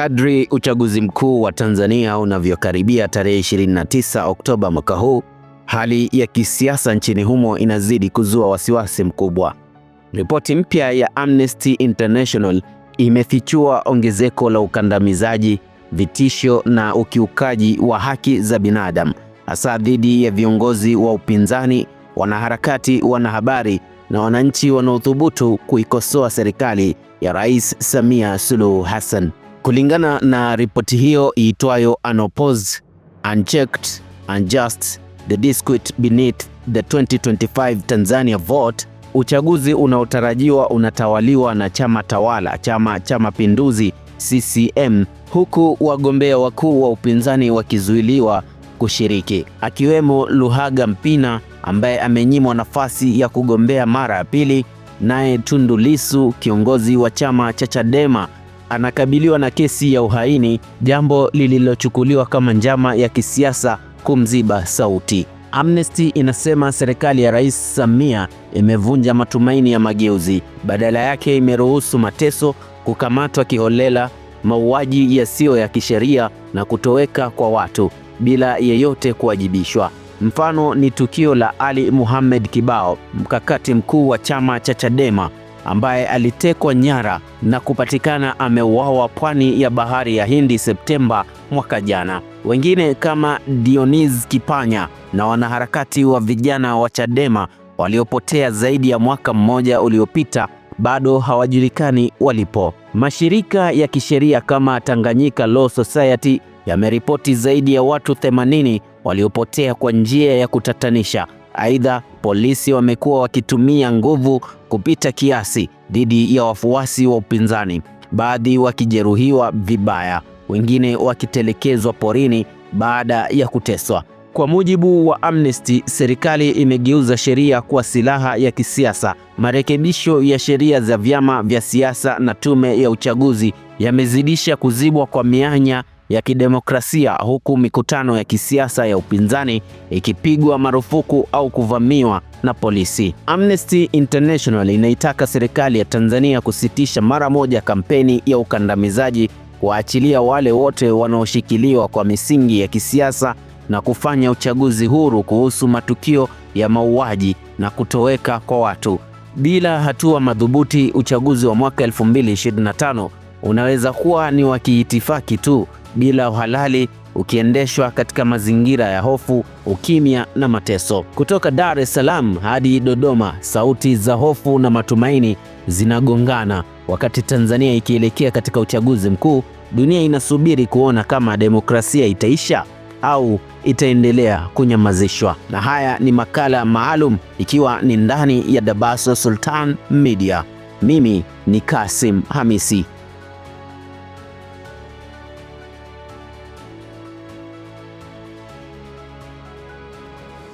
Kadri uchaguzi mkuu wa Tanzania unavyokaribia tarehe 29 Oktoba mwaka huu, hali ya kisiasa nchini humo inazidi kuzua wasiwasi mkubwa. Ripoti mpya ya Amnesty International imefichua ongezeko la ukandamizaji, vitisho na ukiukaji wa haki za binadamu, hasa dhidi ya viongozi wa upinzani, wanaharakati, wanahabari na wananchi wanaothubutu kuikosoa serikali ya Rais Samia Suluhu Hassan. Kulingana na ripoti hiyo iitwayo Unopposed, Unchecked, Unjust, the Dispute Beneath the 2025 Tanzania Vote, uchaguzi unaotarajiwa unatawaliwa na chama tawala, Chama cha Mapinduzi CCM, huku wagombea wakuu wa upinzani wakizuiliwa kushiriki, akiwemo Luhaga Mpina ambaye amenyimwa nafasi ya kugombea mara ya pili, naye Tundu Lissu, kiongozi wa chama cha Chadema anakabiliwa na kesi ya uhaini, jambo lililochukuliwa kama njama ya kisiasa kumziba sauti. Amnesty inasema serikali ya Rais Samia imevunja matumaini ya mageuzi, badala yake imeruhusu mateso, kukamatwa kiholela, mauaji yasiyo ya kisheria na kutoweka kwa watu bila yeyote kuwajibishwa. Mfano ni tukio la Ali Mohamed Kibao, mkakati mkuu wa chama cha Chadema ambaye alitekwa nyara na kupatikana ameuawa pwani ya bahari ya Hindi Septemba mwaka jana. Wengine kama Dionis Kipanya na wanaharakati wa vijana wa Chadema waliopotea zaidi ya mwaka mmoja uliopita bado hawajulikani walipo. Mashirika ya kisheria kama Tanganyika Law Society yameripoti zaidi ya watu 80 waliopotea kwa njia ya kutatanisha Aidha, polisi wamekuwa wakitumia nguvu kupita kiasi dhidi ya wafuasi wa upinzani, baadhi wakijeruhiwa vibaya, wengine wakitelekezwa porini baada ya kuteswa. Kwa mujibu wa Amnesty, serikali imegeuza sheria kuwa silaha ya kisiasa. Marekebisho ya sheria za vyama vya siasa na tume ya uchaguzi yamezidisha kuzibwa kwa mianya ya kidemokrasia huku mikutano ya kisiasa ya upinzani ikipigwa marufuku au kuvamiwa na polisi. Amnesty International inaitaka serikali ya Tanzania kusitisha mara moja kampeni ya ukandamizaji, kuachilia wale wote wanaoshikiliwa kwa misingi ya kisiasa na kufanya uchaguzi huru kuhusu matukio ya mauaji na kutoweka kwa watu. Bila hatua madhubuti, uchaguzi wa mwaka 2025 unaweza kuwa ni wa kiitifaki tu bila uhalali, ukiendeshwa katika mazingira ya hofu, ukimya na mateso. Kutoka Dar es Salaam hadi Dodoma, sauti za hofu na matumaini zinagongana. Wakati Tanzania ikielekea katika uchaguzi mkuu, dunia inasubiri kuona kama demokrasia itaisha au itaendelea kunyamazishwa. Na haya ni makala maalum, ikiwa ni ndani ya Dabaso Sultan Media. Mimi ni Kasim Hamisi.